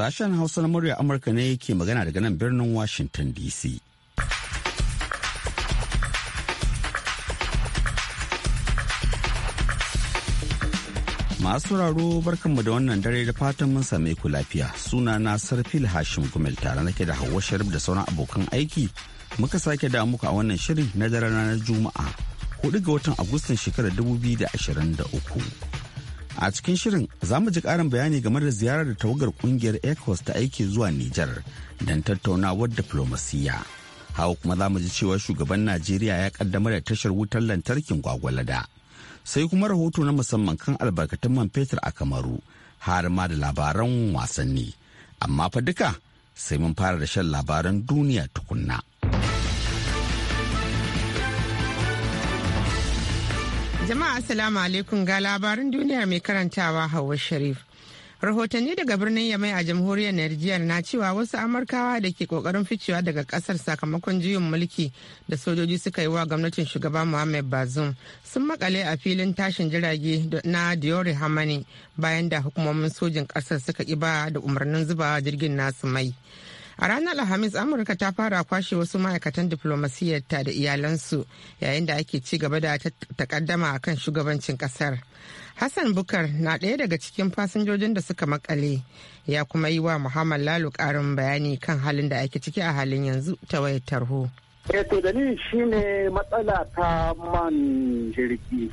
Sashen Hausa na murya Amurka ne ke magana daga nan birnin Washington DC. Masu raro barkanmu da wannan dare da fatan mun same ku lafiya. Suna na Sarfil Hashim Gumel tare nake da Hauwa Sharif da sauran abokan aiki. Muka sake da muku a wannan shirin na daren ranar Juma'a, 4 ga watan Agustan shekarar 2023. a cikin shirin za mu ji karin bayani game da ziyarar da tawagar kungiyar ecos ta aiki zuwa nijar don tattaunawar diplomasiya hawa kuma za mu ji cewa shugaban najeriya ya kaddama da tashar wutar lantarkin gwagwalada sai kuma rahoto na musamman kan albarkatun man fetur a kamaru har ma da labaran wasanni amma fa duka sai mun fara da shan labaran duniya tukunna. Jama'a Assalamu alaikum ga labarin duniya mai karantawa Hauwa Sharif. Rahotanni daga birnin Yamai a jamhuriyar Najeriya na cewa wasu Amurkawa da ke kokarin ficewa daga kasar sakamakon juyin mulki da sojoji suka yi wa gwamnatin shugaba Muhammad Bazoum sun makale a filin tashin jirage na Diori Hamani bayan da hukumomin sojin kasar suka ƙi ba da umarnin zubawa jirgin nasu mai. A ranar Alhamis Amurka ta fara kwashe wasu ma'aikatan ta da iyalansu yayin da ake ci gaba da takaddama a kan shugabancin kasar. Hassan Bukar na ɗaya daga cikin fasinjojin da suka makale ya kuma yi wa Muhammad Lalu ƙarin bayani kan halin da ake ciki a halin yanzu ta wayar tarho. Eto eh, shi shine matsala ta man jirgi.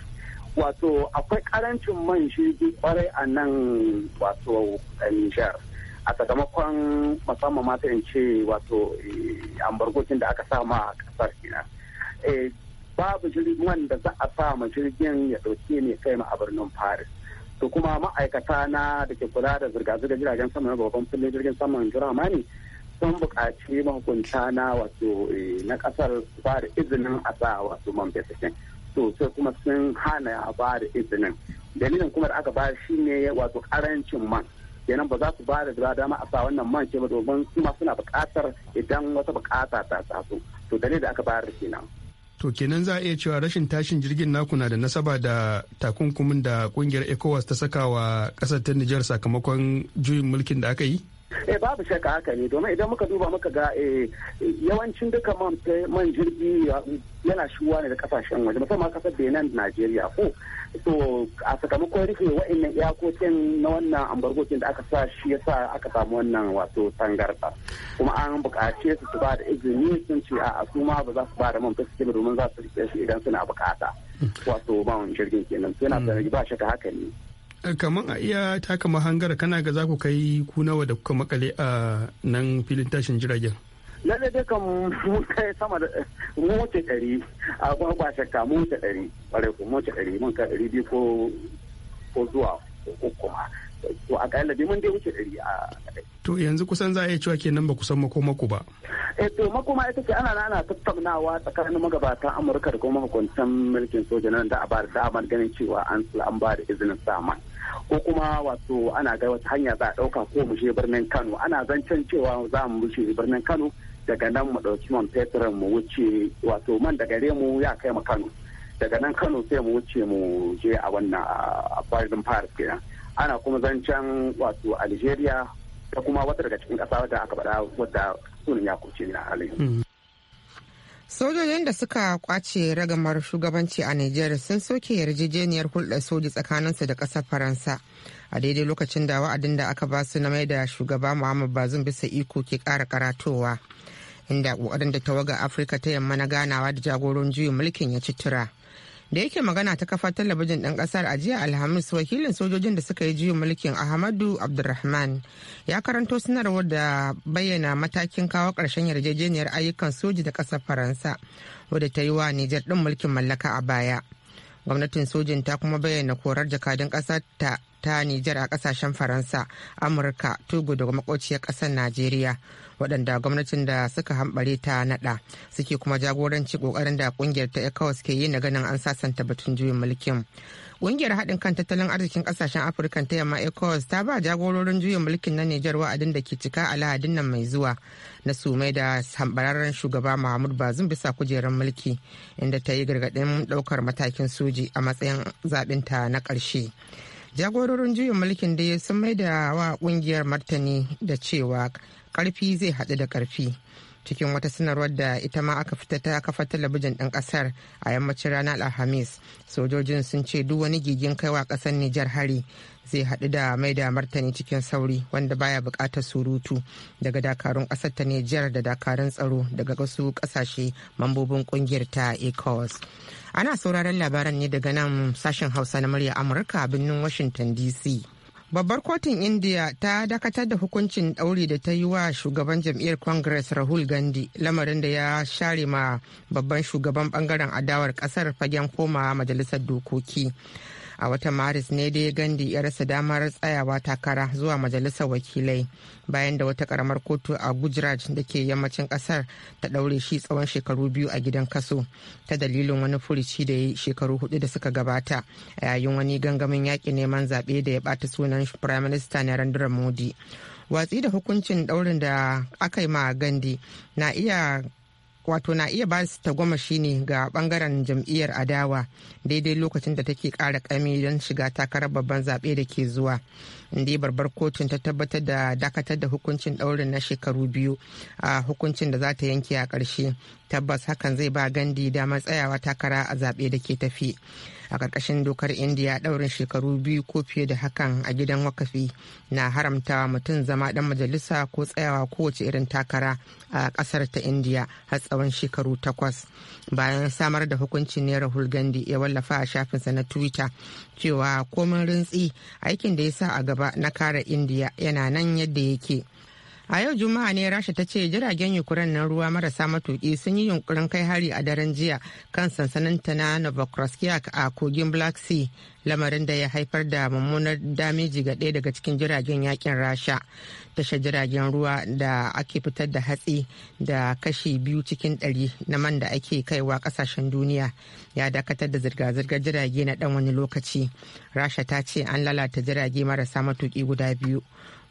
Wato akwai karancin man jirgi kwarai a nan wato Nijar. a sakamakon musamman mata in ce wato eh, ambargocin da aka sama a kasar kina eh, babu jirgin wanda za a sa ma jirgin ya dauke ne kai ma a birnin paris to kuma ma'aikata na da ke kula da zirga zirga jiragen sama na babban filin jirgin saman ne sun buƙaci mahukunta na wato eh, na ƙasar ba da izinin a sa wato man fesakin to sai kuma sun hana ba da izinin dalilin kuma da aka ba shi ne wato ƙarancin man kenan ba za su ba da dama a sa wannan man ce ba domin su ma suna bukatar idan wata buƙata ta taso to dalilin da aka bayar da kenan. To kenan za a iya cewa rashin tashin jirgin naku na da nasaba da takunkumin da kungiyar ECOWAS ta saka wa ƙasar ta Nijar sakamakon juyin mulkin da aka yi? eh babu shakka haka ne domin idan muka duba muka ga eh, yawancin duka man jirgi eh, yana shuwa ne da kasashen waje musamman kasar benin najeriya ko to a sakamakon rufe wa'annan iyakokin na wannan ambargokin da aka sa shi yasa aka samu wannan wato tangarda kuma an buƙace su su ba da izini sun ce a su ma ba za su ba da man fasikin domin za su rike shi idan suna buƙata hmm. wato man jirgin kenan suna da ba shakka haka ne Eh, kamar a iya taka mahangar kana ga za ku kai ku nawa da kuka makale a nan filin tashin jiragen da dai kan mun kai sama da mota ɗari a kuma ba shakka mota ɗari ɓarai ku mota ɗari mun ka ɗari biyu ko zuwa ko kuma. to a akalla dai mun dai wuce ɗari a to yanzu kusan za a iya cewa kenan ba kusan makomako ba eh to makoma ita ce ana ana tattaunawa tsakanin magabatan amurka da kuma hukuntan mulkin soja nan da a ba da damar ganin cewa an an ba da izinin sama ko kuma wato ana ga wata hanya za a ɗauka ko mu je birnin kano ana zancen cewa za mu wuce birnin kano daga nan mu ɗauki man fetur mu wuce wato man daga remu ya kai mu kano daga nan kano sai mu wuce mu je a wannan a farin paris kenan ana kuma zancen wato algeria da kuma wata daga cikin ƙasa wadda aka bada wadda sunan ya kuce na halin hmm. sojojin da suka kwace ragamar shugabanci a niger sun soke yarjejeniyar hulɗar soji tsakaninsu da ƙasar faransa a daidai lokacin da wa'adin da aka ba su na mai da shugaba muhammad bazum bisa iko ke kara karatowa inda ƙoƙarin da tawaga afirka ta yamma na ganawa da jagoron juyin mulkin ya ci tura da yake magana ta kafa talabijin ɗin ƙasar a jiya alhamis wakilin sojojin da suka yi juyin mulkin ahmadu abdulrahman ya karanto sanarwar da bayyana matakin kawo ƙarshen yarjejeniyar ayyukan soji da ƙasar faransa wadda ta yi wa nijar ɗin mulkin mallaka a baya gwamnatin sojin ta kuma bayyana korar jakadun ƙasar ta Nijar a kasashen Faransa, Amurka, Togo da makociyar ƙasar Najeriya waɗanda gwamnatin da suka hambare ta naɗa suke kuma jagoranci ƙoƙarin da ƙungiyar ta ECOWAS ke yi na ganin an sasanta batun juyin mulkin. Ƙungiyar haɗin kan tattalin arzikin ƙasashen Afirka ta yamma ECOWAS ta ba jagororin juyin mulkin na Nijar wa'adin da ke cika a lahadin nan mai zuwa na sumai da hambararren shugaba Mahmud Bazum bisa kujerar mulki inda ta yi gargaɗin ɗaukar matakin soji a matsayin zaɓinta na ƙarshe. Jagororin juyin mulkin dai sun mai da wa ƙungiyar martani da cewa ƙarfi zai haɗu da ƙarfi. cikin wata sanarwar da ita ma aka fita ta kafa talabijin ɗin ƙasar a yammacin ranar alhamis sojojin sun ce duk wani gigin kaiwa ƙasar nijar hari zai haɗu da mai da martani cikin sauri wanda baya buƙatar surutu daga dakarun ƙasar ta Nijar da dakarun tsaro daga wasu ƙasashe mambobin ƙungiyar ta Ecos. Ana sauraron labaran ne daga nan sashen Hausa na murya Amurka a birnin Washington DC. babbar kotun india ta dakatar da hukuncin ɗauri da ta yi wa shugaban jam'iyyar congress rahul gandhi lamarin da ya share ma babban shugaban bangaren adawar kasar fagen koma majalisar dokoki a wata maris ne dai gandi ya rasa damar tsayawa takara zuwa majalisar wakilai bayan da wata karamar kotu a gujarat da ke yammacin kasar ta daure shi tsawon shekaru biyu a gidan kaso ta dalilin wani furici da ya yi shekaru hudu da suka gabata a yayin wani gangamin yaƙi neman zaɓe da ya bata sunan prime minister narendra modi watsi da hukuncin daurin da aka yi ma gandi na iya wato na iya ba su tagomashi ne ga bangaren jam'iyyar adawa daidai lokacin da take kara kami don shiga takarar babban zaɓe da ke zuwa inda babbar kotun ta tabbatar da dakatar da hukuncin daurin na shekaru biyu a hukuncin da za ta yanke a ƙarshe tabbas hakan zai ba gandi damar tsayawa takara a zaɓe da ke tafi a ƙarƙashin dokar indiya ɗaurin shekaru biyu ko fiye da hakan a gidan wakafi na haramtawa mutum zama ɗan majalisa ko tsayawa kowace irin takara a ƙasar ta indiya har tsawon shekaru takwas bayan samar da hukuncin ne rahul gandi ya wallafa a shafinsa na twitter cewa komin rintsi aikin da ya sa a gaba gaba na kare indiya yana nan yadda yake A yau Juma'a ne Rasha ta ce jiragen Ukraine na ruwa marasa matuki sun yi yunkurin kai hari a daren jiya kan sansanin ta na Novokroskiyak a kogin Black Sea lamarin da ya haifar da mummunar damiji ga ɗaya daga cikin jiragen yakin Rasha. Tashar jiragen ruwa da ake fitar da hatsi da kashi biyu cikin ɗari na man da ake kaiwa ƙasashen duniya ya dakatar da zirga-zirgar jirage na ɗan wani lokaci. Rasha ta ce an lalata jirage marasa matuki guda biyu.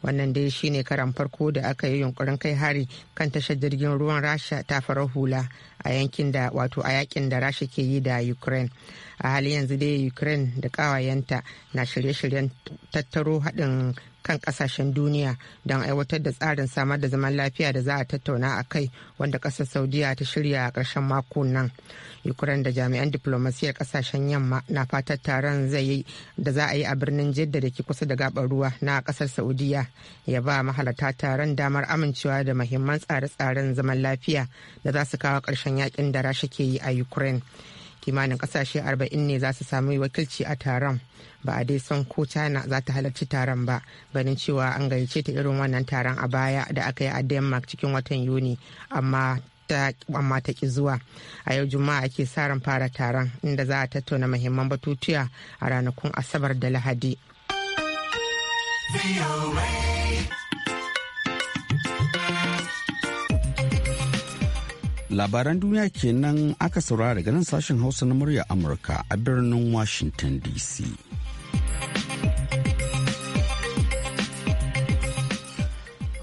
wannan dai shine karan farko da aka yi yunkurin kai hari kan tashar jirgin ruwan rasha ta farar hula a yankin da wato a yakin da rasha ke yi da ukraine a halin yanzu dai ukraine da kawayenta na shirye-shiryen tattaro haɗin kan kasashen duniya don aiwatar da tsarin samar da zaman lafiya da za a tattauna a kai wanda kasar saudiya ta shirya a ƙarshen mako nan ukraine da jami'an diplomasiyyar kasashen yamma na fatar taron zai yi da za a yi a birnin jidda da ke kusa da gabar ruwa na kasar saudiya ya ba mahalarta taron damar amincewa da mahimman tsare-tsaren zaman lafiya da za su kawo ƙarshen yakin da rasha ke yi a ukraine kimanin kasashe 40 ne za su sami wakilci a taron ba a dai san ko china za ta halarci taron ba ganin cewa an gayyace ta irin wannan taron a baya da aka yi a denmark cikin watan yuni amma amma ta ki zuwa a yau juma'a ake sa ran fara taron inda za a tattauna muhimman batutuwa a ranakun asabar da lahadi. Labaran duniya kenan aka saurara daga nan sashen Hausa na murya Amurka a birnin Washington DC.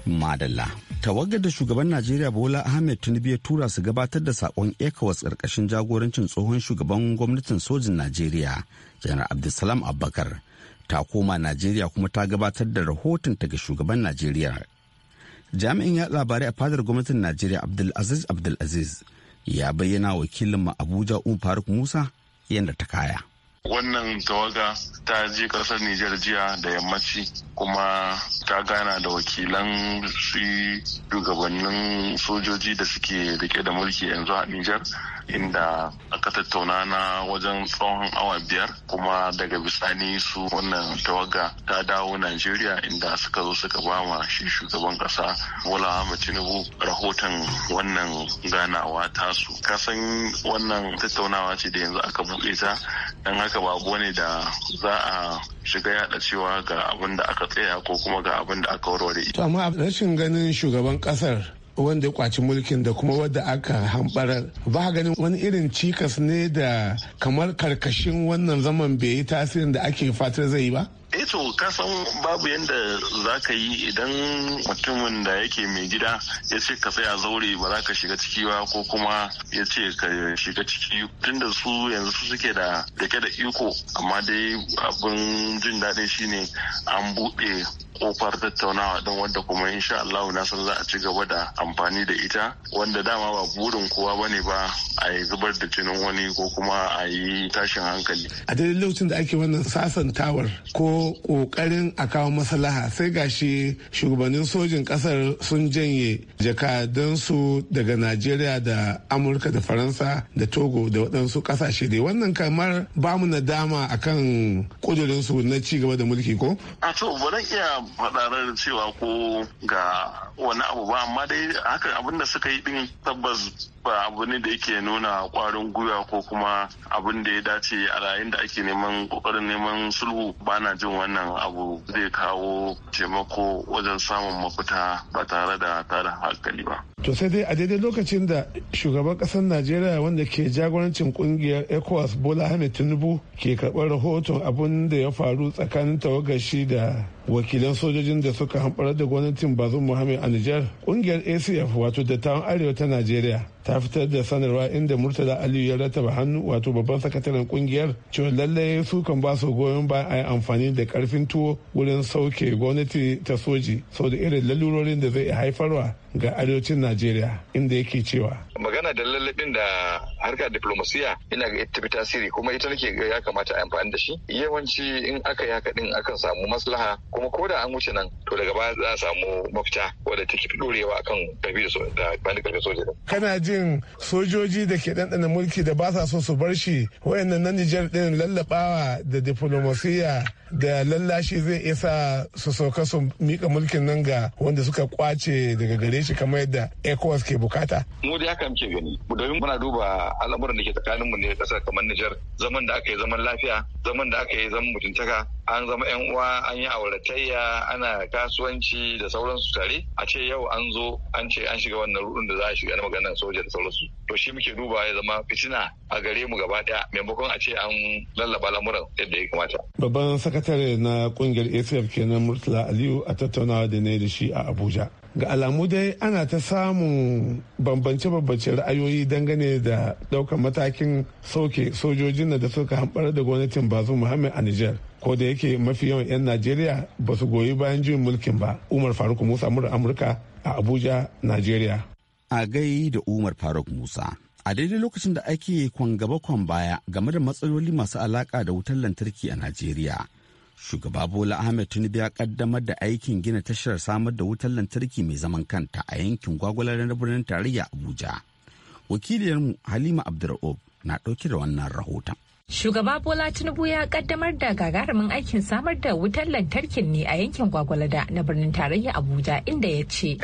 Madalla. Tawagar da shugaban Najeriya Bola Ahmed Tinubu ya tura su gabatar da sakon ECOWAS ƙarƙashin jagorancin tsohon shugaban gwamnatin sojin Najeriya, Janar Abdulsalam Abubakar. Ta koma Najeriya kuma ta gabatar da rahoton ta ga shugaban Najeriya jami'in ya labarai a fadar gwamnatin najeriya abdulaziz abdulaziz ya bayyana wakilin abuja umar faruk musa yadda ta kaya wannan tawaga ta je kasar Nijar jiya da yammaci kuma ta gana da wakilan su shugabannin sojoji da suke rike da mulki yanzu a Nijar inda aka tattauna na wajen tsawon awa biyar kuma daga bisani su wannan tawaga ta dawo Najeriya inda suka zo suka ba ma shi shugaban kasa Bola Ahmed Tinubu rahoton wannan ganawa tasu. Kasan wannan tattaunawa ce da yanzu aka buɗe ta dan haka babu ne da za a shiga yada cewa ga abin da aka tsaya ko kuma ga abin da aka warware. To amma rashin ganin shugaban kasar wanda ya kwaci mulkin da kuma wadda aka hambarar ba ganin wani irin cikas ne da kamar karkashin wannan zaman bai yi tasirin da ake fatar zai yi ba eh to ka san babu yadda za ka yi idan mutumin da yake mai gida ya ce ka tsaya zaure ba za ka shiga ciki ba ko kuma ya ce ka shiga ciki tunda su yanzu su suke da dake da iko amma dai abin jin daɗin shine an buɗe kofar tattaunawa don wanda kuma insha Allah na san za a ci gaba da amfani da ita wanda dama ba burin kowa bane ba a yi zubar da jinin wani ko kuma a yi tashin hankali a daidai lokacin da ake wannan sasantawar ko kokarin a kawo maslaha sai gashi shugabannin sojin kasar sun janye jakadansu daga Najeriya da Amurka da Faransa da Togo da waɗansu ƙasashe dai wannan kamar bamu nadama akan kudurinsu na ci gaba da mulki ko a to ba iya faɗarar cewa ko ga wani abu ba amma dai hakan abin suka yi din tabbas ba abu ne da yake nuna kwarin gwiwa ko kuma abin da ya dace a yayin da ake neman kokarin neman sulhu ba na jin wannan abu zai kawo taimako wajen samun mafita ba tare da tada hankali ba. To sai dai a daidai lokacin da shugaban kasar Najeriya wanda ke jagorancin kungiyar ECOWAS Bola Ahmed Tinubu ke karɓar rahoton abin da ya faru tsakanin shi da wakilan sojojin da suka hamɓar da gwamnatin bazum muhammad a nijar ƙungiyar acf wato dattawan arewa ta najeriya ta fitar da sanarwa inda murtala aliyu ya rataba hannu wato babban sakataren kungiyar cewa lallai sukan kan ba su goyon ba a yi amfani da karfin tuwo wurin sauke gwamnati ta soji sau da irin lalurorin da zai haifarwa ga arewacin najeriya inda yake cewa magana da lallabin da harkar diplomasiya ina ga ita tasiri kuma ita nake ga ya kamata a amfani da shi yawanci in aka yi haka din akan samu maslaha kuma ko da an wuce nan to daga baya za a samu mafita wadda take fi dorewa akan kabi da bani karfin soja kana je. cikin sojoji da ke ɗanɗana mulki da ba sa so su bar shi wayannan na Nijar ɗin lallabawa da diplomasiya da lallashi zai isa su sauka su mika mulkin nan ga wanda suka kwace daga gare shi kamar yadda ECOWAS ke bukata. Mu da haka muke gani domin muna duba al'amuran da ke tsakanin mu ne kasar kamar Nijar zaman da aka yi zaman lafiya zaman da aka yi zaman mutuntaka an zama yan uwa an yi auratayya ana kasuwanci da sauransu tare a ce yau an zo an ce an shiga wannan rudin da za a shiga na maganar soja da sauransu to shi muke duba ya zama fitina a gare mu gaba daya maimakon a ce an lallaba lamuran yadda ya kamata babban sakatare na kungiyar acf kenan murtala aliyu a tattaunawa da ne da shi a abuja ga alamu dai ana ta samun bambance-bambance ra'ayoyi dangane da daukar matakin sauke sojojin da suka hambar da gwamnatin bazu muhammad a niger ko da yake mafi yawan 'yan najeriya ba su goyi bayan juyin mulkin ba umar faruk musa mura amurka a abuja najeriya a gai da Umar Faruk Musa. A daidai lokacin da ake kwan kwan baya game da matsaloli masu alaka da wutar lantarki a Najeriya. Shugaba Bola Ahmed Tinubu ya kaddamar da aikin gina tashar samar da wutar lantarki mai zaman kanta a yankin na birnin tarayya Abuja. Wakiliyarmu Halima Abdur'ub na ɗauke da wannan rahoton. Shugaba Bola Tinubu ya kaddamar da gagarumin aikin samar da wutar lantarkin ne a yankin Gwagwalada na birnin tarayya Abuja inda ya ce.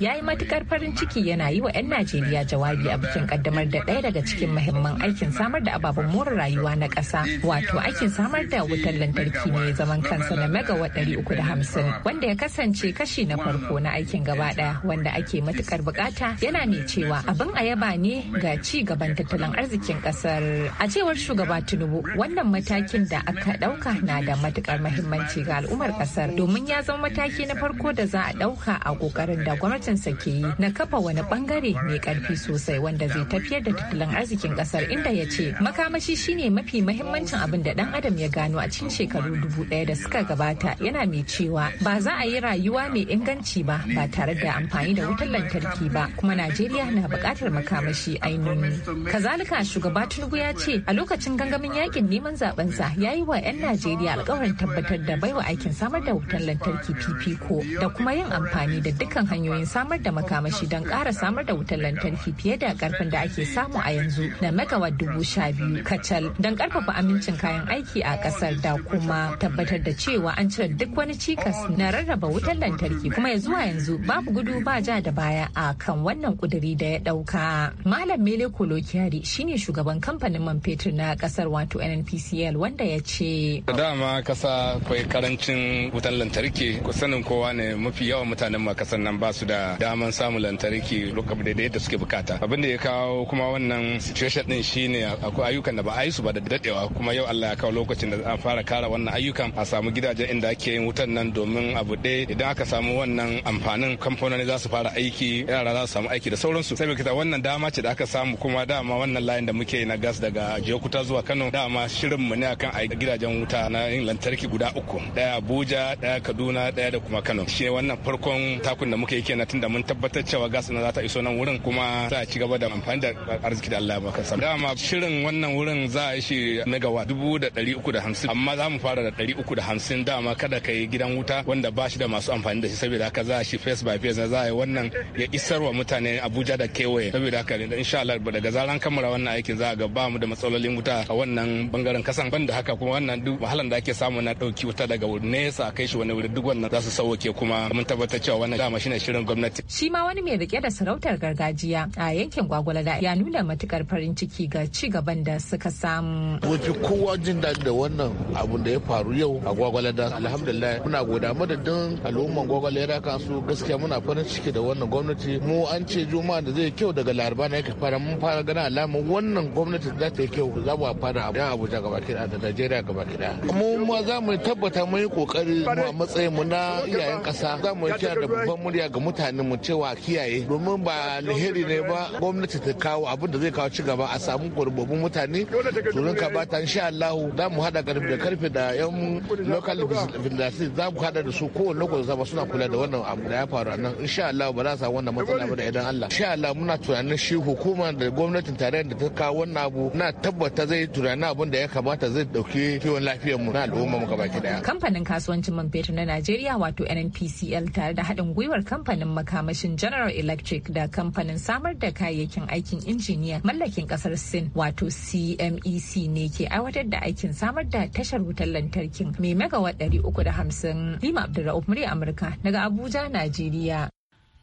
Ya yi matukar farin ciki yana yi wa 'yan Najeriya jawabi a bikin kaddamar da ɗaya daga cikin mahimman aikin samar da ababen more rayuwa na ƙasa wato aikin samar da wutar lantarki ne zaman kansa na da hamsin wanda ya kasance kashi na farko na aikin gaba ɗaya wanda ake matukar bukata yana mai cewa abin a yaba ne ga ci gaban tattalin arzikin kasar. A cewar shugaba Tinubu, wannan matakin da aka dauka na da matukar mahimmanci ga al'ummar kasar domin ya zama mataki na farko da za a dauka a kokarin da gwamnatin sa ke yi na kafa wani bangare mai karfi sosai wanda zai tafiyar da tattalin arzikin kasar inda ya ce makamashi shine mafi mahimmancin abin da dan adam ya gano a cikin shekaru dubu daya da suka gabata yana mai cewa ba za a yi rayuwa mai inganci ba ba tare da amfani da wutar lantarki ba kuma Najeriya na bukatar makamashi shi ainihi kazalika shugaba tinubu ya ce a lokacin gangamin yakin neman zabensa ya yi wa 'yan najeriya alkawarin tabbatar da baiwa aikin samar da wutar lantarki fifiko da kuma yin amfani da dukkan hanyoyin samar da makamashi don kara samar da wutar lantarki fiye da karfin da ake samu a yanzu na megawatt dubu sha biyu kacal don karfafa amincin kayan aiki a ƙasar da kuma tabbatar da cewa an cire duk wani cikas na rarraba wutar lantarki kuma ya zuwa yanzu babu gudu ba ja da baya a kan wannan kuduri da ya ɗauka. Malam Mele Kolokiyari shine shugaban kamfanin man fetur na kasar wato NNPCL wanda ya ce. Da dama kasa kwai karancin wutan lantarki sanin kowa ne mafi yawan mutanen ma kasar nan ba su da daman samun lantarki lokacin da yadda suke bukata. Abin da ya kawo kuma wannan situation din shine akwai ayyukan da ba a yi su ba da dadewa kuma yau Allah ya kawo lokacin da an fara kara wannan ayyukan a samu gidajen inda ake yin wutan nan domin abu ɗaya idan aka samu wannan amfanin kamfanoni za su fara aiki yara za su samu aiki da sauransu. Sai wannan dama ce da aka samu kuma dama wannan layin da muke na gas daga Jokuta zuwa Kano dama shirin mu ne akan a gidajen wuta na yin lantarki guda uku daya Abuja daya Kaduna daya da kuma Kano shi wannan farkon takun da muke kenan tunda mun tabbatar cewa gas na za ta iso nan wurin kuma za a ci gaba da amfani da arziki da Allah ya sa dama shirin wannan wurin za a yi shi megawa dubu da dari uku da hamsin amma za mu fara da dari uku da hamsin dama kada ka yi gidan wuta wanda ba shi da masu amfani da shi saboda haka za a shi face by face na za a yi wannan ya isarwa mutane Abuja da kewaye saboda haka ga insha Allah daga zaran kammala wannan aikin za a ga ba da matsalolin wuta a wannan bangaren kasan banda haka kuma wannan duk wahalan da ake samu na dauki wuta daga nesa a kai shi wani wuri duk wannan za su sauke kuma mun tabbatar cewa wannan dama shine shirin gwamnati shi ma wani mai rike da sarautar gargajiya a yankin gwagwalada ya nuna matukar farin ciki ga ci gaban da suka samu mun kowa jin daɗi da wannan abun da ya faru yau a gwagwalada alhamdulillah muna goda madadin al'umman gwagwalada kan su gaskiya muna farin ciki da wannan gwamnati mu an ce juma'a da zai kyau daga laraba ne ka fara mun fara gana alamun wannan gwamnati za ta yi kyau za mu fara a abuja gaba kiɗa da najeriya gaba kiɗa mu ma za mu tabbata mun yi kokari mu a matsayin mu na iyayen ƙasa za mu kira da babban murya ga mutanen mu cewa kiyaye domin ba alheri ne ba gwamnati ta kawo abin da zai kawo ci gaba a samu gurbabun mutane turin ka bata insha Allah za mu hada karfi da karfe da yan local business za mu hada da su kowane lokaci zama suna kula da wannan abu da ya faru a nan insha Allah ba za su samu wannan matsala ba da idan Allah insha Allah muna tunanin shi hukumar da gwamnatin tarayyar da ta kawo wannan abu na tabbata zai tunani abin da ya kamata zai dauki kiwon lafiyar mu na al'umma mu gabaki daya kamfanin kasuwancin man fetur na Najeriya wato NNPCL tare da haɗin gwiwar kamfanin makamashin General Electric da kamfanin samar da kayayyakin aikin injiniya mallakin kasar Sin wato CMEC e ne ke aiwatar da aikin samar da tashar wutar lantarkin mai megawatt 350 Lima Abdulra'uf murya Amurka daga Abuja Najeriya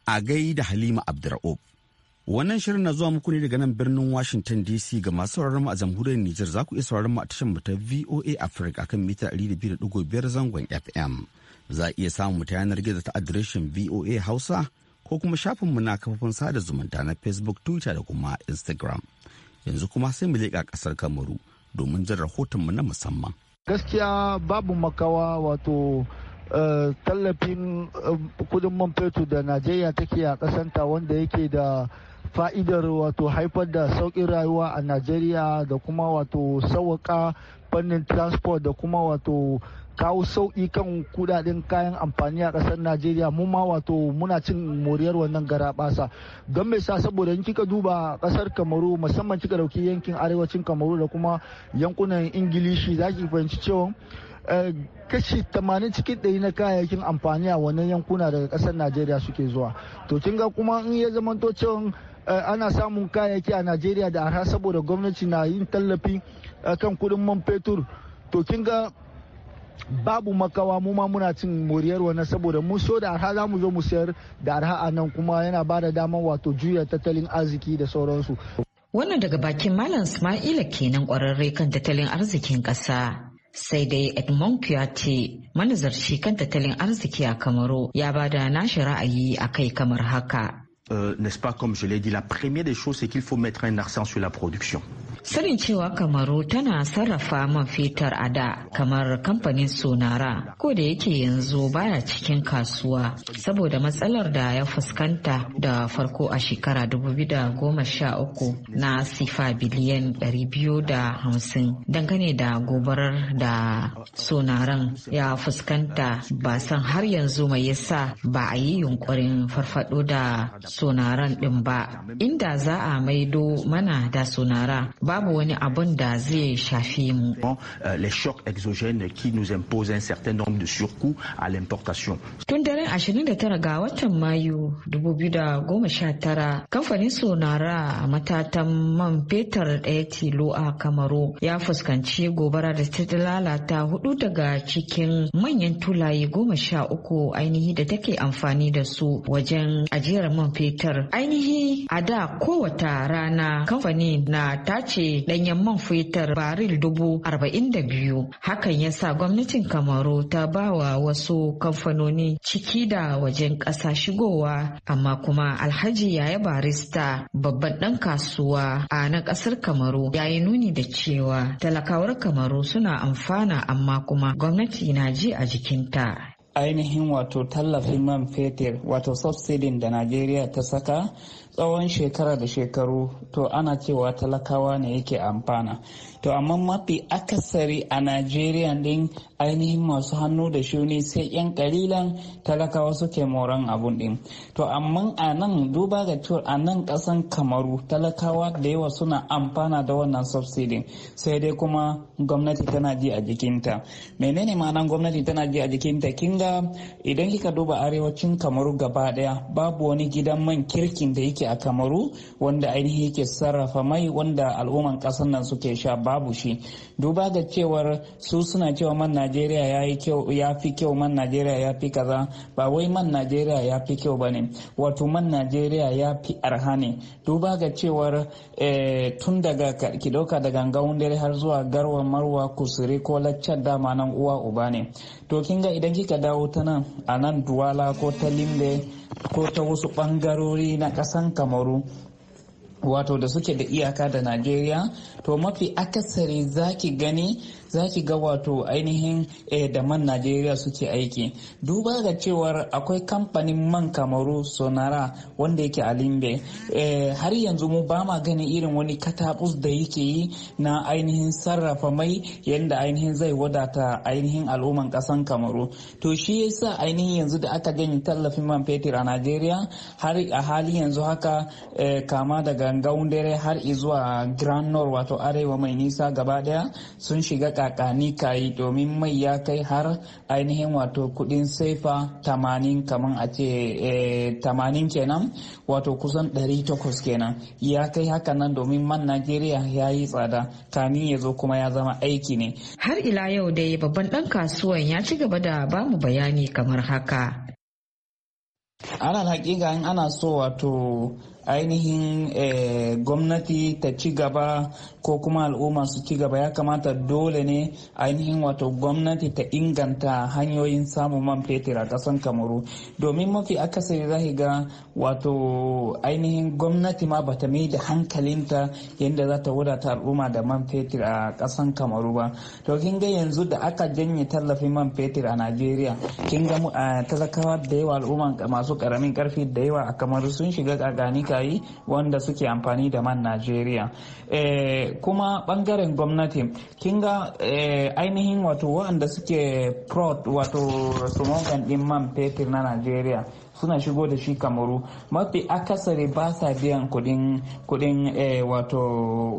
a gai da Halima Abdulra'uf Wannan shirin na zuwa muku ne daga nan birnin Washington DC ga masu sauraron mu a jamhuriyar Nijar za ku iya sauraron mu a tashar mu ta VOA Africa kan mita 200.5 zangon FM. Za a iya samun mu ta yanar gizo ta adireshin VOA Hausa ko kuma shafin mu na kafofin sada zumunta na Facebook, Twitter da kuma Instagram. Yanzu kuma sai mu leƙa ƙasar Kamaru domin jin rahoton mu na musamman. Gaskiya babu makawa wato eh, tallafin eh, kudin man fetur da najeriya take a kasanta wanda yake da fa'idar wato haifar da sauƙin rayuwa a najeriya da kuma wato sauƙa fannin transport da kuma wato kawo sauƙi kan kudaden kayan amfani a ƙasar najeriya mu ma wato muna cin moriyar wannan gara basa don mai sa saboda in kika duba ƙasar kamaru musamman kika dauki yankin arewacin kamaru da kuma yankunan ingilishi za fahimci cewa eh, kashi 80 cikin ɗari na kayayyakin amfani a wannan yankuna daga ƙasar najeriya suke zuwa to kin kuma in ya zamanto cewa Eh, ana samun kayayyaki a najeriya da arha saboda gwamnati na yin tallafi eh, kan kudin man fetur to kin ga babu makawa mu ma muna cin moriyar wannan saboda mu so da arha za mu zo mu sayar da arha a nan kuma yana ba da damar wato juya tattalin arziki da sauransu. Wannan daga bakin Malam Ismaila kenan kwararre kan tattalin arzikin kasa Sai dai Edmond Kuyate manazarci kan tattalin arziki a Kamaru ya ba da nashi ra'ayi a kai kamar haka. euh, n'est-ce pas, comme je l'ai dit, la première des choses, c'est qu'il faut mettre un accent sur la production. Sanin cewa Kamaru tana sarrafa man fetur a da kamar kamfanin Sonara ko da yake yanzu baya cikin kasuwa saboda matsalar da ya fuskanta da farko a shekara 2013 na sifa biliyan 250 dangane da gobarar da Sonaran ya fuskanta ba san har yanzu mai yasa ba a yi yunkurin farfado da sonaran ɗin ba inda za a maido mana da sonara babu wani abun da zai shafi mu tun daren 29 ga watan mayu 2019 kamfanin sonara a matatan man fetur ɗaya tilo a kamaru ya fuskanci gobara da ta lalata hudu daga cikin manyan tulaye goma sha uku ainihi da take amfani da su wajen ajiyar man fetur fetur. Ainihi a da kowata rana kamfani na tace ɗanyen man fetur baril dubu arba'in da biyu. Hakan ya sa gwamnatin Kamaru ta bawa wasu kamfanoni ciki da wajen ƙasa shigowa amma kuma Alhaji Yaya Barista babban ɗan kasuwa a na ƙasar Kamaru ya yi nuni da cewa talakawar Kamaru suna amfana amma kuma gwamnati na ji a jikinta. ainihin wato tallafin man fetur wato subsidin da najeriya ta saka tsawon shekara da shekaru to ana cewa talakawa ne yake amfana to amma mafi akasari a najeriya din ainihin masu hannu da shuni sai yan kalilan talakawa suke moran abun din to amma a nan duba ga tur a nan kasan kamaru talakawa da yawa suna amfana da wannan subsidin sai dai kuma gwamnati tana ji a jikinta menene ma'anan gwamnati tana ji a jikinta kinga idan kika duba arewacin kamaru gaba daya babu wani gidan man kirkin da yake yake a kamaru wanda ainihi yake sarrafa mai wanda al'umman ƙasar nan suke sha babu shi duba ga cewar su suna cewa man najeriya ya fi kyau man najeriya ya fi kaza ba wai man najeriya ya fi kyau ba ne wato man najeriya ya fi arha ne duba ga cewar eh, tun daga ki dauka daga gawun dare har zuwa garwa marwa kusuri ko laccar dama nan uwa uba ne to kin ga idan kika dawo ta nan a nan duwala ko ta limbe ko ta wasu bangarori na kasan kamaru wato da suke da iyaka da najeriya to mafi akasari zaki gani za ki ga wato ainihin eh, da man najeriya suke aiki duba ga cewar akwai kamfanin man kamaru sonara wanda yake a limbe eh, har yanzu mu ba ma ganin irin wani katabus da yake yi na ainihin sarrafa mai yadda ainihin zai wadata ainihin al'umman kasan kamaru to shi ya sa ainihin yanzu da aka gani tallafin man fetur a najeriya har a hali yanzu haka eh, kama daga gaundare har izuwa grand nord wato arewa mai nisa gaba daya sun shiga kakani kayi domin mai ya kai har ainihin wato kudin saifa tamanin kaman a ce eh, tamanin kenan wato kusan 800 kenan ya kai haka nan domin man najeriya ya yi tsada kani ya zo kuma ya zama aiki ne har ila yau dai babban dan kasuwan ya ci gaba da bamu bayani kamar haka ana hakika in ana so wato ainihin eh, gwamnati ta ci gaba ko kuma al'umma su ci gaba ya kamata dole ne ainihin wato gwamnati ta inganta hanyoyin samun man fetur a ƙasan kamaru domin mafi akasari za ga wato ainihin gwamnati ma bata mai da hankalinta yadda za ta wadata al'umma da man fetur a ƙasan kamaru ba to kin ga yanzu da aka janye tallafin man fetur a najeriya kin ga talakawa da yawa al'umma masu ƙaramin ƙarfi da yawa a kamaru sun shiga ƙaganika suka yi wanda suke amfani da man najeriya eh, kuma bangaren gwamnati kin ga eh, ainihin wato waanda suke prod wato sumogan ɗin man fetur na najeriya suna shigo da shi kamaru mafi akasari ba sa biyan kudin kudin eh, wato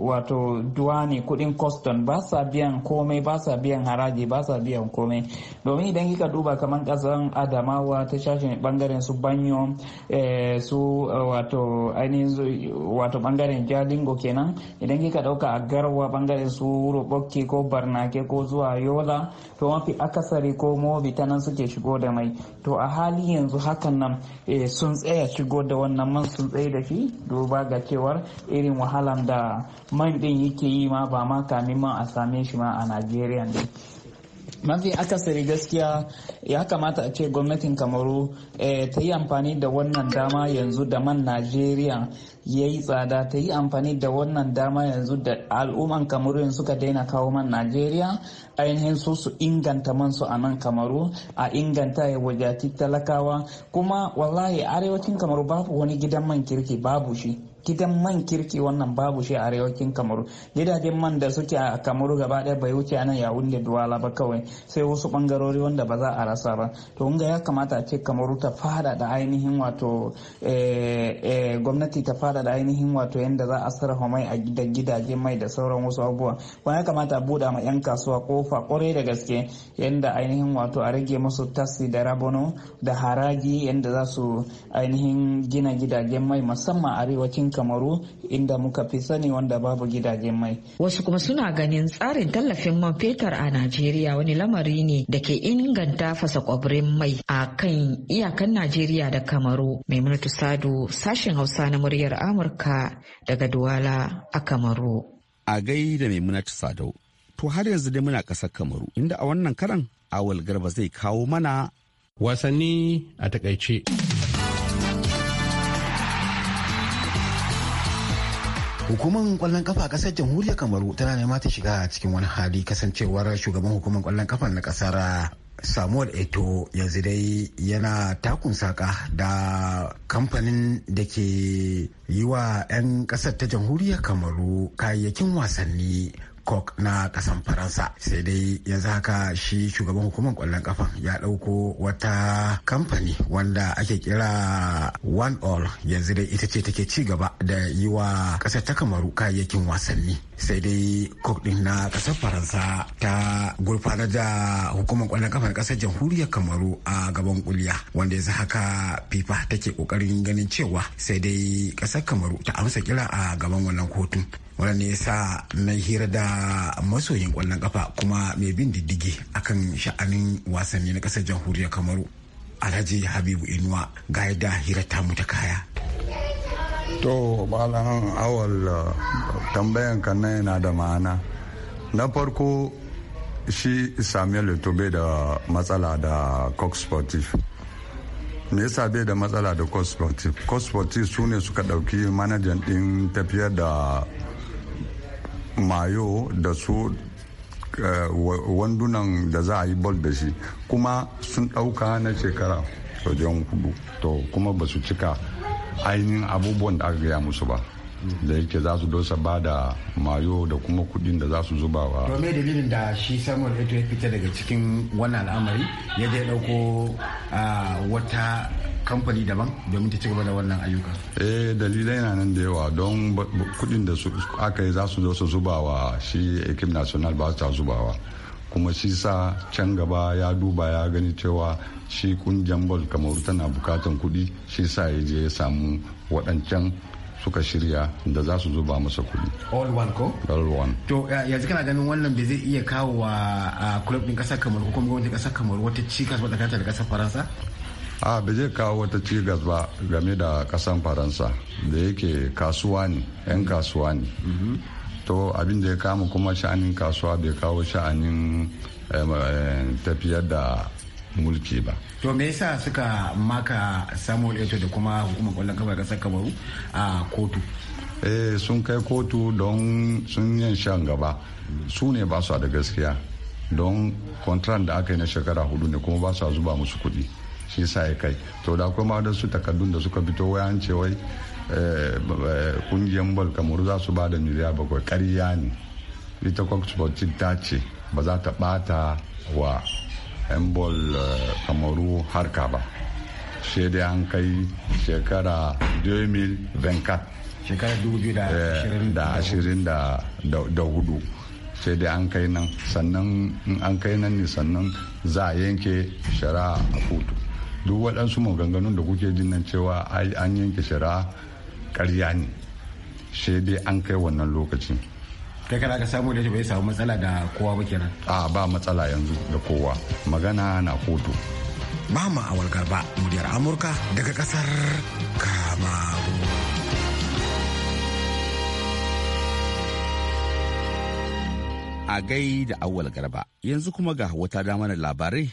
wato duwani kudin custom ba sa biyan komai ba sa biyan haraji ba sa biyan komai domin idan kika duba kamar kasan adamawa ta shashin bangaren su banyo eh, eh, su wato ainihin wato bangaren jalingo kenan idan kika dauka a garwa bangaren su roboke ko barnake ko zuwa yola to mafi akasari ko mobi ta nan suke shigo da mai to a hali yanzu hakan wannan eh, sun tsaya shigo da wannan man sun tsaye da shi duba ga cewar irin wahalan da man din yake yi ma ba ma kamin man a same shi ma a najeriya ne mafi akasari gaskiya ya kamata a ce gwamnatin kamaru eh, ta yi amfani da wannan dama yanzu da man najeriya ya yi tsada ta yi amfani da wannan dama yanzu da al'umman kamaru suka daina kawo man najeriya ainihin su su inganta man su a nan kamaru a inganta ya wajati talakawa kuma wallahi arewacin kamaru babu wani gidan man kirki babu shi gidan man kirki wannan babu shi a arewacin kamaru gidajen man da suke a kamaru gaba ɗaya bai wuce nan ya wunde duwala ba kawai sai wasu bangarori wanda ba za a rasa ba to ga ya kamata ce kamaru ta fada da ainihin wato eh, eh, gwamnati ta fada da ainihin wato yadda za a sarrafa mai a gidan gidajen mai da sauran wasu abubuwa ba ya kamata a buɗa ma 'yan kasuwa kofa kwarai da gaske yadda ainihin wato a rage musu tasi da rabono da haraji yadda za su ainihin gina gidajen mai musamman arewacin kamaru inda muka fi sani wanda babu gidajen mai wasu kuma suna ganin tsarin tallafin man fetur a najeriya wani lamari ne da ke inganta fasa kwabrin mai a kan iyakan najeriya da kamaru maimunatu sadu sashen hausa na muryar amurka daga duwala a kamaru a gai da maimunatu Sadu. to har yanzu dai muna ƙasar kamaru inda a wannan karan awal garba zai kawo mana wasanni a takaice. hukumar kwallon kafa kasar jamhuriyar kamaru tana nema ta shiga cikin wani hali kasancewar shugaban hukumar kwallon kafa na kasar samuel eto yanzu dai yana takun saka da kamfanin da ke yi wa 'yan kasar ta jamhuriyar kamaru kayayyakin wasanni Coq na kasan Faransa. Sai dai yanzu haka shi shugaban hukumar kwallon kafan ya dauko wata kamfani wanda ake kira One All yanzu dai ita ce take ci gaba da yi wa ƙasar ta Kamaru kayayyakin wasanni. sai dai kok din na kasar faransa ta gurfanar da hukumar kwallon kafar kasar jamhuriyar kamaru a gaban kuliya wanda yanzu haka fifa take kokarin ganin cewa sai dai kasar kamaru ta amsa kira a gaban wannan kotun wannan ne yasa na hira da masoyin kwallon kafa kuma mai bin diddigi akan sha'anin wasanni na kasar jamhuriyar kamaru alhaji habibu inuwa ga yadda hira ta mu ta kaya to malam awal tambayan kan nan yana da ma'ana na farko shi samuel bai da matsala da cox sportive me yasa bai da matsala da cox sportive cox sportive su ne suka ɗauki manajan ɗin tafiyar da mayo da su eh, wandunan da za a yi bol da shi kuma sun ɗauka na shekara wajen hudu to kuma ba su cika ainihin abubuwan da aka gaya musu ba da yake za su dosa ba da mayo da kuma kudin da za su zuba wa. to dalilin da shi samuel eto ya fita daga cikin wannan al'amari ya je dauko wata kamfani daban domin ta ci gaba da wannan ayyuka eh dalilai na nan da yawa don kudin da aka yi za su dosa su zubawa shi ekip national ba su ta zubawa kuma shi sa can gaba ya duba ya gani cewa shi kungiyar bol kamaru tana bukatan kudi shi sa ya je ya samu waɗancan suka shirya da za su zuba masa kudi. All one ko? All one. To yanzu kana ganin wannan bai zai iya kawo wa club din kasar kamar ko kuma gwamnatin wata cikas ba tsakanin da ƙasar Faransa? A ba zai kawo wata cikas ba game da kasar Faransa da yake kasuwa ne, 'yan kasuwa ne. Mm-hmm. to abin da ya kama kuma sha'anin kasuwa bai kawo sha'anin eh, eh, tafiyar da mulki ba to me yasa suka maka samuel eto da kuma hukumar kwallon kafa kasar kamaru a kotu eh sun kai kotu don sun yin shan gaba su ne ba su da gaskiya don kontran da aka yi na shekara hudu ne kuma ba su zuba musu kuɗi shi sa ya kai to da kuma ma su takaddun da suka fito wayan cewai. Eh, eh, kungiyar bol kamaru za su ba da miliya bakwai kariya ne ita kwakwakwacin ta ce ba za ta bata wa 'yan bol eh, kamaru harka ba shaidai an kai shekara 2024 shekara 2024 sai dai an kai nan sannan an kai nan ne sannan za a yanke shari'a a kotu duk waɗansu maganganun da kuke jin nan cewa an yanke shara. karya ne shi dai an kai wannan lokacin kai kana ka samu da shi bai samu matsala da kowa ba kenan a ba matsala yanzu da kowa magana na kotu mama Awalgarba, ba muryar amurka daga kasar kamaru a gai da awal garba yanzu kuma ga wata damar labarai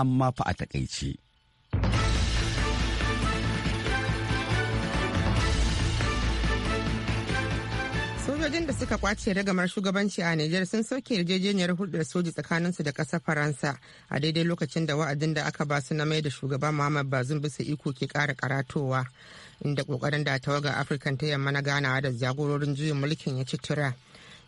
amma fa a takaice. Sojojin da suka kwace ragamar shugabanci a Nijar sun soke yarjejeniyar hulɗar soji su da ƙasar Faransa a daidai lokacin da wa'adin da aka ba su na mai da shugaban Muhammad Bazoum bisa iko ke ƙara karatowa inda ƙoƙarin da tawaga Afirka ta yamma na ganawa da jagororin juyin mulkin ya ci tura.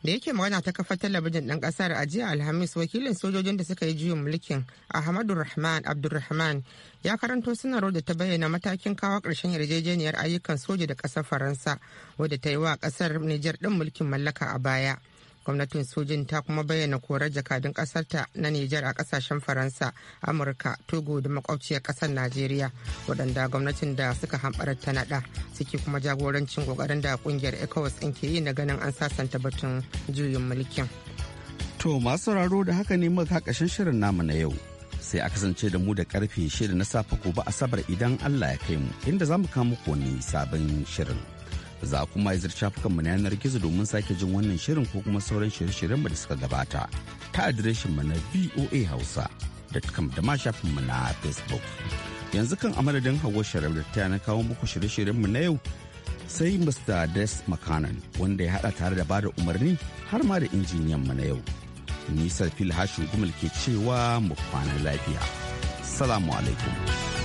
da yake magana ta kafar talabijin ɗan ƙasar a jiya alhamis wakilin sojojin da suka yi juyin mulkin ahmadu rahman abdulrahman ya karanto sanarwar da ta bayyana matakin kawo ƙarshen yarjejeniyar ayyukan soja da ƙasar faransa wadda ta yi wa ƙasar nijar ɗin mulkin mallaka a baya gwamnatin sojin ta kuma bayyana korar jakadun ƙasarta na nijar a kasashen faransa amurka togo da makwabciyar ƙasar najeriya waɗanda gwamnatin da suka hamɓara ta naɗa suke kuma jagorancin ƙoƙarin da ƙungiyar ecowas ɗin ke yi na ganin an sasanta batun juyin mulkin. to masu sauraro da haka ne muka ƙarshen shirin namu na yau sai a kasance da mu da karfe shida na safe gobe asabar idan Allah ya kai mu inda za mu kawo muku wani sabon shirin. za kuma izar shafukanmu na yanar gizo domin sake jin wannan shirin ko kuma sauran shirye-shiryen da suka gabata ta adireshin mu na voa hausa da kam da ma shafinmu na facebook yanzu kan amadadin hawa sharaf da ta na kawo muku shirye mu na yau sai mr des makanan wanda ya hada tare da bada umarni har ma da injiniyan mu na yau nisa fil hashin gumal ke cewa mu kwana lafiya salamu alaikum